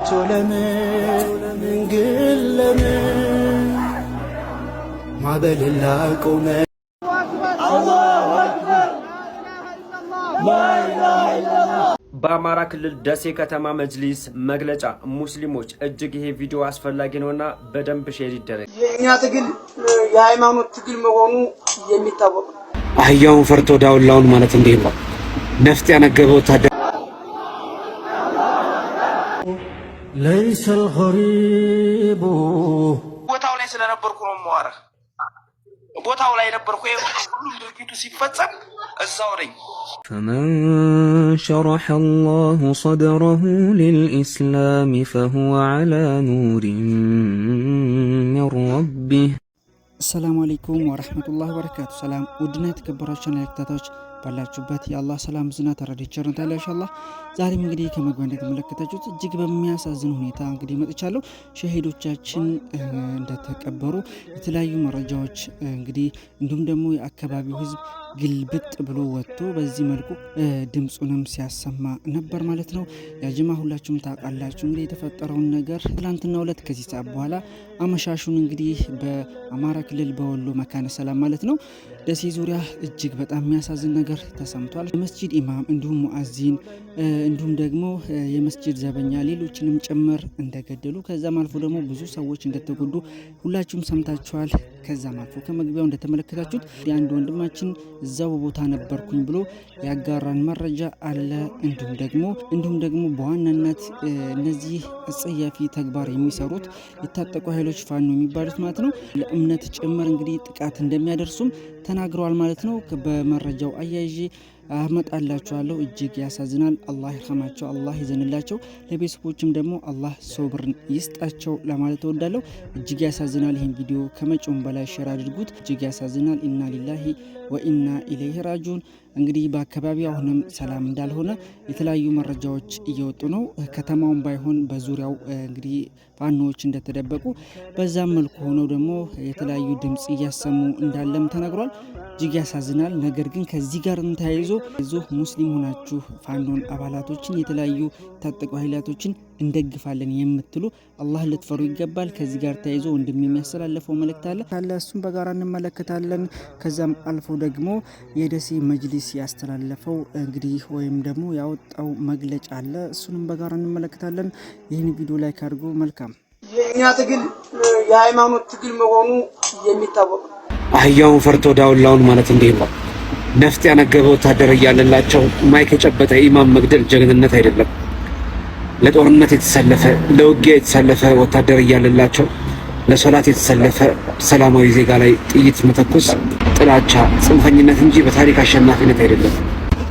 መቶ ለምን እንግል ለምን ማዕበልን ላቆመ በአማራ ክልል ደሴ ከተማ መጅሊስ መግለጫ ሙስሊሞች እጅግ ይሄ ቪዲዮ አስፈላጊ ነውና በደንብ ሼር ይደረግ። የእኛ ትግል የሃይማኖት ትግል መሆኑ የሚታወቅ ነው። አህያውን ፈርቶ ዳውላውን ማለት እንዲህ ነው። ነፍጥ ያነገበ ወታደር ለይሰል ገሪቡ ቦታው ላይ ስለነበርኩ ነው የማወራህ። ቦታው ላይ ነበርኩ። ሁሉም ድርጊቱ ሲፈጸም እዛው ነኝ። ፈመን ሸረሐ አላሁ ሰድረሁ ሊልኢስላም ፈሁወ ዐላ ኑሪን ሚን ረቢህ። አሰላሙ አለይኩም ወረሕመቱላሂ ወበረካቱ። ሰላም ውድና የተከበራችሁ ተከታታዮች ባላችሁበት የአላህ ሰላም ዝና ተረድቸርን ታላ ዛሬም እንግዲህ ከመግቢያ እንደተመለከታችሁት እጅግ በሚያሳዝን ሁኔታ እንግዲህ መጥቻለሁ። ሸሄዶቻችን እንደተቀበሩ የተለያዩ መረጃዎች እንግዲህ እንዲሁም ደግሞ የአካባቢው ህዝብ ግልብጥ ብሎ ወጥቶ በዚህ መልኩ ድምፁንም ሲያሰማ ነበር ማለት ነው። ያጅማ ሁላችሁም ታውቃላችሁ እንግዲህ የተፈጠረውን ነገር ትላንትና ሁለት ከዚህ ሰዓት በኋላ አመሻሹን እንግዲህ በአማራ ክልል በወሎ መካነ ሰላም ማለት ነው ደሴ ዙሪያ እጅግ በጣም የሚያሳዝን ነገር ተሰምቷል። የመስጂድ ኢማም እንዲሁም ሙአዚን እንዲሁም ደግሞ የመስጅድ ዘበኛ ሌሎችንም ጭምር እንደገደሉ ከዛም አልፎ ደግሞ ብዙ ሰዎች እንደተጎዱ ሁላችሁም ሰምታችኋል። ከዛም አልፎ ከመግቢያው እንደተመለከታችሁት የአንድ ወንድማችን እዛው ቦታ ነበርኩኝ ብሎ ያጋራን መረጃ አለ። እንዲሁም ደግሞ እንዲሁም ደግሞ በዋናነት እነዚህ አጸያፊ ተግባር የሚሰሩት የታጠቁ ኃይሎች ፋኖ የሚባሉት ማለት ነው ለእምነት ጭምር እንግዲህ ጥቃት እንደሚያደርሱም ተናግረዋል ማለት ነው። በመረጃው አያይዤ አመጣላችኋለሁ። እጅግ ያሳዝናል። አላህ ይርሐማቸው፣ አላህ ይዘንላቸው። ለቤተሰቦችም ደግሞ አላህ ሶብርን ይስጣቸው ለማለት እወዳለሁ። እጅግ ያሳዝናል። ይህን ቪዲዮ ከመቼውም በላይ ሼር አድርጉት። እጅግ ያሳዝናል። ኢና ሊላሂ ወኢና ኢለይህ ራጁን። እንግዲህ በአካባቢው አሁንም ሰላም እንዳልሆነ የተለያዩ መረጃዎች እየወጡ ነው። ከተማውን ባይሆን በዙሪያው እንግዲህ ፋኖዎች እንደተደበቁ በዛም መልኩ ሆነው ደግሞ የተለያዩ ድምፅ እያሰሙ እንዳለም ተነግሯል። እጅግ ያሳዝናል። ነገር ግን ከዚህ ጋር ተያይዞ ዞ ሙስሊም ሆናችሁ ፋኖን አባላቶችን የተለያዩ ታጠቁ ኃይላቶችን እንደግፋለን የምትሉ አላህ ልትፈሩ ይገባል። ከዚህ ጋር ተያይዞ ወንድም የሚያስተላለፈው መልእክት አለ ካለ እሱም በጋራ እንመለከታለን። ከዛም አልፎ ደግሞ የደሴ መጅሊስ ያስተላለፈው እንግዲህ ወይም ደግሞ ያወጣው መግለጫ አለ። እሱንም በጋራ እንመለከታለን። ይህን ቪዲዮ ላይ ካድርጎ መልካም የእኛ ትግል የሃይማኖት ትግል መሆኑ የሚታወቅ ነው። አህያውን ፈርቶ ዳውላውን ማለት እንዲህ ነው። ነፍጥ ያነገበ ወታደር እያለላቸው ማይክ የጨበጠ ኢማም መግደል ጀግንነት አይደለም። ለጦርነት የተሰለፈ ለውጊያ የተሰለፈ ወታደር እያለላቸው ለሶላት የተሰለፈ ሰላማዊ ዜጋ ላይ ጥይት መተኮስ ጥላቻ፣ ጽንፈኝነት እንጂ በታሪክ አሸናፊነት አይደለም።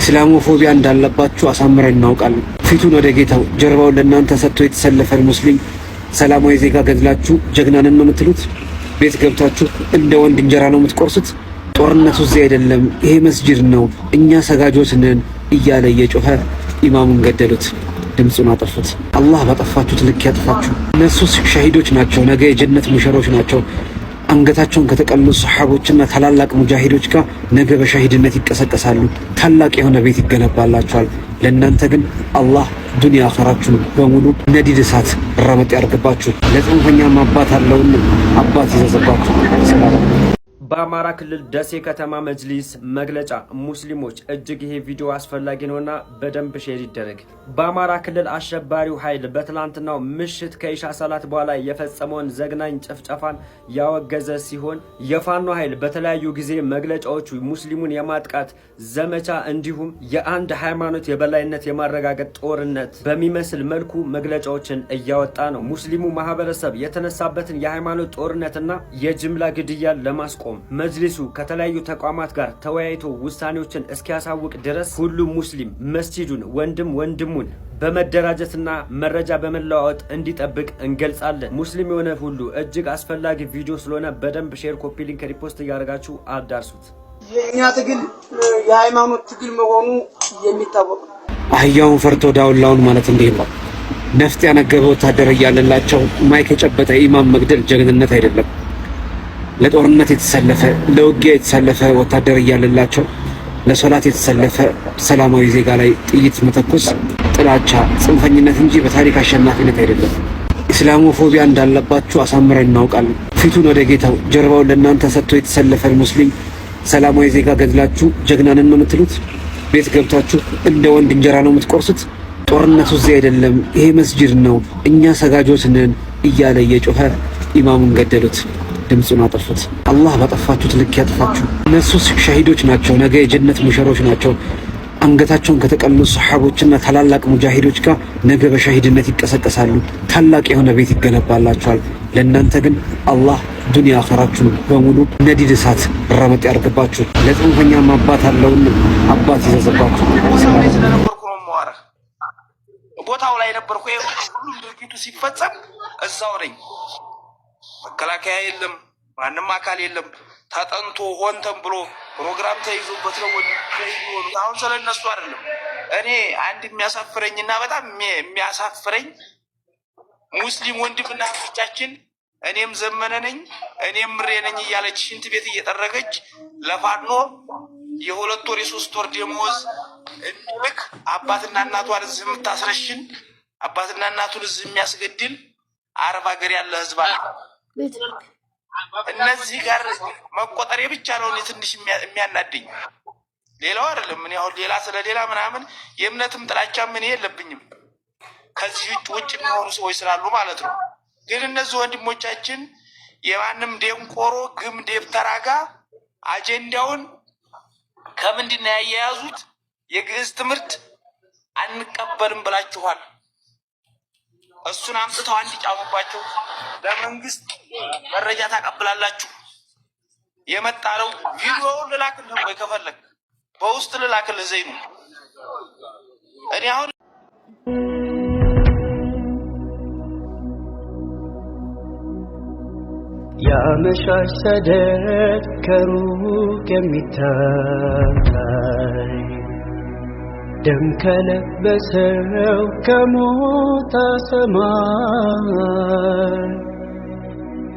ኢስላሞፎቢያ እንዳለባችሁ አሳምረን እናውቃለን። ፊቱን ወደ ጌታው ጀርባውን ለእናንተ ሰጥቶ የተሰለፈን ሙስሊም ሰላማዊ ዜጋ ገድላችሁ ጀግናንን ነው የምትሉት? ቤት ገብታችሁ እንደ ወንድ እንጀራ ነው የምትቆርሱት? ጦርነቱ እዚህ አይደለም፣ ይሄ መስጂድ ነው፣ እኛ ሰጋጆች ነን እያለ እየጮኸ ኢማሙን ገደሉት። ድምፁን አጠፉት። አላህ በጠፋችሁት ልክ ያጥፋችሁ። እነሱ ሻሂዶች ናቸው፣ ነገ የጀነት ሙሸሮች ናቸው። አንገታቸውን ከተቀሉ ሰሓቦችና ታላላቅ ሙጃሂዶች ጋር ነገ በሻሂድነት ይቀሰቀሳሉ። ታላቅ የሆነ ቤት ይገነባላቸዋል። ለእናንተ ግን አላህ ዱንያ አኸራችሁን በሙሉ ነዲድ እሳት ረመጥ ያርግባችሁ። ለጽንፈኛም አባት አለውን አባት ይዘዘባችሁ። በአማራ ክልል ደሴ ከተማ መጅሊስ መግለጫ ሙስሊሞች እጅግ ይሄ ቪዲዮ አስፈላጊ ነውና በደንብ ሼር ይደረግ። በአማራ ክልል አሸባሪው ኃይል በትላንትናው ምሽት ከኢሻ ሰላት በኋላ የፈጸመውን ዘግናኝ ጭፍጨፋን ያወገዘ ሲሆን የፋኖ ኃይል በተለያዩ ጊዜ መግለጫዎቹ ሙስሊሙን የማጥቃት ዘመቻ እንዲሁም የአንድ ሃይማኖት የበላይነት የማረጋገጥ ጦርነት በሚመስል መልኩ መግለጫዎችን እያወጣ ነው። ሙስሊሙ ማህበረሰብ የተነሳበትን የሃይማኖት ጦርነትና የጅምላ ግድያን ለማስቆም በመቃወም መጅሊሱ ከተለያዩ ተቋማት ጋር ተወያይቶ ውሳኔዎችን እስኪያሳውቅ ድረስ ሁሉም ሙስሊም መስጂዱን ወንድም ወንድሙን በመደራጀትና መረጃ በመለዋወጥ እንዲጠብቅ እንገልጻለን። ሙስሊም የሆነ ሁሉ እጅግ አስፈላጊ ቪዲዮ ስለሆነ በደንብ ሼር፣ ኮፒ ሊንክ፣ ሪፖስት እያደረጋችሁ አዳርሱት። የእኛ ትግል የሃይማኖት ትግል መሆኑ የሚታወቅ አህያውን ፈርቶ ዳውላውን ማለት እንዲህ ነው። ነፍጥ ያነገበ ወታደር እያለላቸው ማይክ የጨበጠ ኢማም መግደል ጀግንነት አይደለም። ለጦርነት የተሰለፈ ለውጊያ የተሰለፈ ወታደር እያለላቸው ለሶላት የተሰለፈ ሰላማዊ ዜጋ ላይ ጥይት መተኮስ ጥላቻ፣ ጽንፈኝነት እንጂ በታሪክ አሸናፊነት አይደለም። ኢስላሞፎቢያ እንዳለባችሁ አሳምረን እናውቃለን። ፊቱን ወደ ጌታው ጀርባውን ለእናንተ ሰጥቶ የተሰለፈን ሙስሊም ሰላማዊ ዜጋ ገድላችሁ ጀግናንን ነው የምትሉት? ቤት ገብታችሁ እንደ ወንድ እንጀራ ነው የምትቆርሱት? ጦርነቱ እዚህ አይደለም፣ ይሄ መስጂድ ነው፣ እኛ ሰጋጆት ነን እያለ እየጮኸ ኢማሙን ገደሉት። ድምፁን አጠፉት። አላህ ባጠፋችሁት ልክ ያጥፋችሁ። እነሱ ሻሂዶች ናቸው፣ ነገ የጀነት ሙሸሮች ናቸው። አንገታቸውን ከተቀሉ ሰሓቦችና ታላላቅ ሙጃሂዶች ጋር ነገ በሻሂድነት ይቀሰቀሳሉ። ታላቅ የሆነ ቤት ይገነባላቸዋል። ለእናንተ ግን አላህ ዱንያ አኸራችሁን በሙሉ ነዲድ እሳት ረመጥ ያርግባችሁ። ለጽንፈኛም አባት አለውን አባት ይዘዝባችሁ። ቦታው ላይ ነበርኩ። ሁሉም ድርጊቱ ሲፈጸም እዛው ነኝ። መከላከያ የለም፣ ማንም አካል የለም። ተጠንቶ ሆን ብሎ ፕሮግራም ተይዞበት ነው የሚሆኑት። አሁን ስለ እነሱ አይደለም። እኔ አንድ የሚያሳፍረኝ እና በጣም የሚያሳፍረኝ ሙስሊም ወንድምና እህቶቻችን እኔም ዘመነ ነኝ እኔም ምሬ ነኝ እያለች ሽንት ቤት እየጠረገች ለፋኖ የሁለት ወር የሶስት ወር ደመወዝ እንልክ አባትና እናቷን እዚህ የምታስረሽን አባትና እናቱን እዚህ የሚያስገድል አረብ ሀገር ያለ ህዝብ አለ። እነዚህ ጋር መቆጠሬ ብቻ ነው እኔ ትንሽ የሚያናድኝ፣ ሌላው አይደለም። እኔ አሁን ሌላ ስለ ሌላ ምናምን የእምነትም ጥላቻ ምን የለብኝም ከዚህ ውጭ ውጭ የሚሆኑ ሰዎች ስላሉ ማለት ነው። ግን እነዚህ ወንድሞቻችን የማንም ደንቆሮ ግም ደብተራ ጋር አጀንዳውን ከምንድን ነው ያያያዙት? የግዕዝ ትምህርት አንቀበልም ብላችኋል። እሱን አምጥተው አንድ ጫኑባቸው። ለመንግስት መረጃ ታቀብላላችሁ። የመጣ ነው። ቪዲዮውን ልላክልህ ወይ ከፈለግ በውስጥ ልላክልህ። ዘይኑ እኔ አሁን የአመሻሽ ሰደድ ከሩቅ የሚታይ ደም ከለበሰው ከሞታ ሰማይ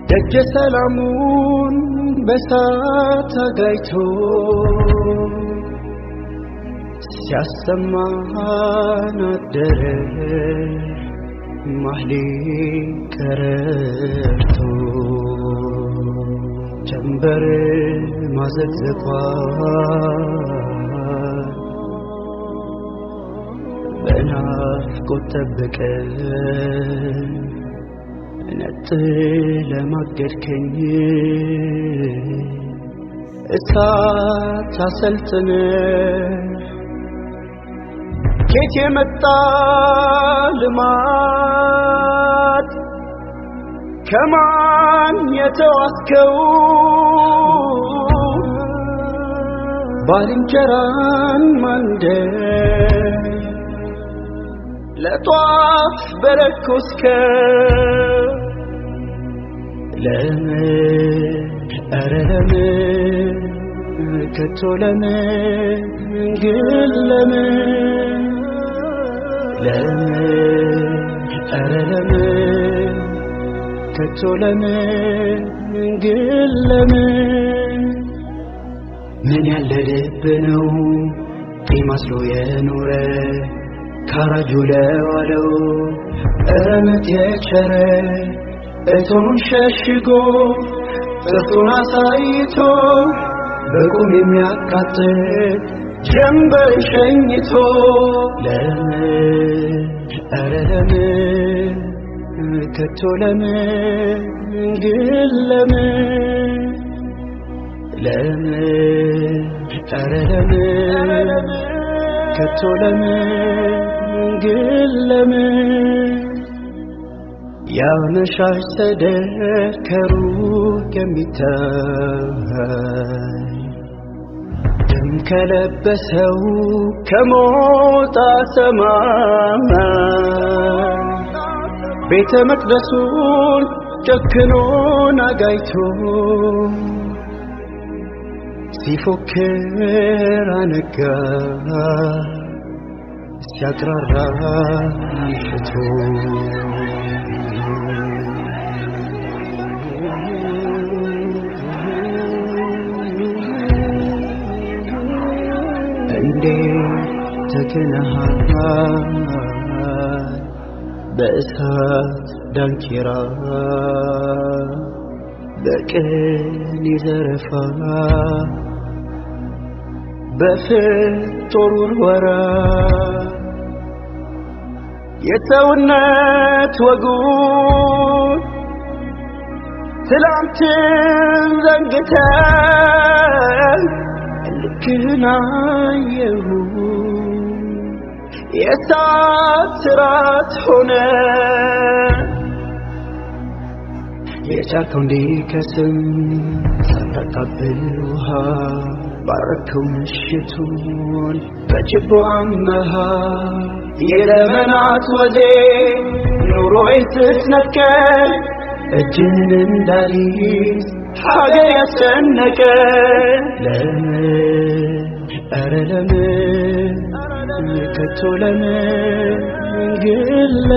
ደጀ ሰላሙን በሳት አጋይቶ ሲያሰማን አደረ ማህሌ ቀረርቶ ጀንበር ማዘግዘቋ በናፍቆት ጠበቀን ነጥ ለማገድከኝ እሳት አሰልጥነ ኬት የመጣ ልማት ከማን የተዋስከው ባልንጀራን ማንደ ለጧፍ በለኮስከው ለምን ኧረ ከቶ ለምን ግን ለምን ለምን ኧረ ከቶ ለምን ግን ለምን ምን ያለ ልብ ነው ጢም የኖረ ካራጁ ለዋለው እምነት የቸረ እቶኑን ሸሽጎ ጥርሱን አሳይቶ በቁም የሚያቃጥል ጀንበር ሸኝቶ ለምን ኧረ ለምን ከቶ ለምን ግን ለምን ድንግል ለምን ያብነሻሽ ሰደር ከሩቅ የሚታይ ደም ከለበሰው ከሞጣ ሰማይ ቤተ መቅደሱን ጨክኖን አጋይቶ ሲፎክር አነጋ يقرر بأسات دانكيرا بكل زرفا بفتور ورا የሰውነት ወጉን ትላንትን ዘንግተን ልክህን አየሁ የእሳት ስራት ሆነ የቻርከው እንዲከስም ሰንጠጣብህ ውሃ بركم الشتون فجبوا عمها يلا منعت ودي نور يتسنكل الجن داريس حاجة يستنك لمن أرى لمن كتو لمن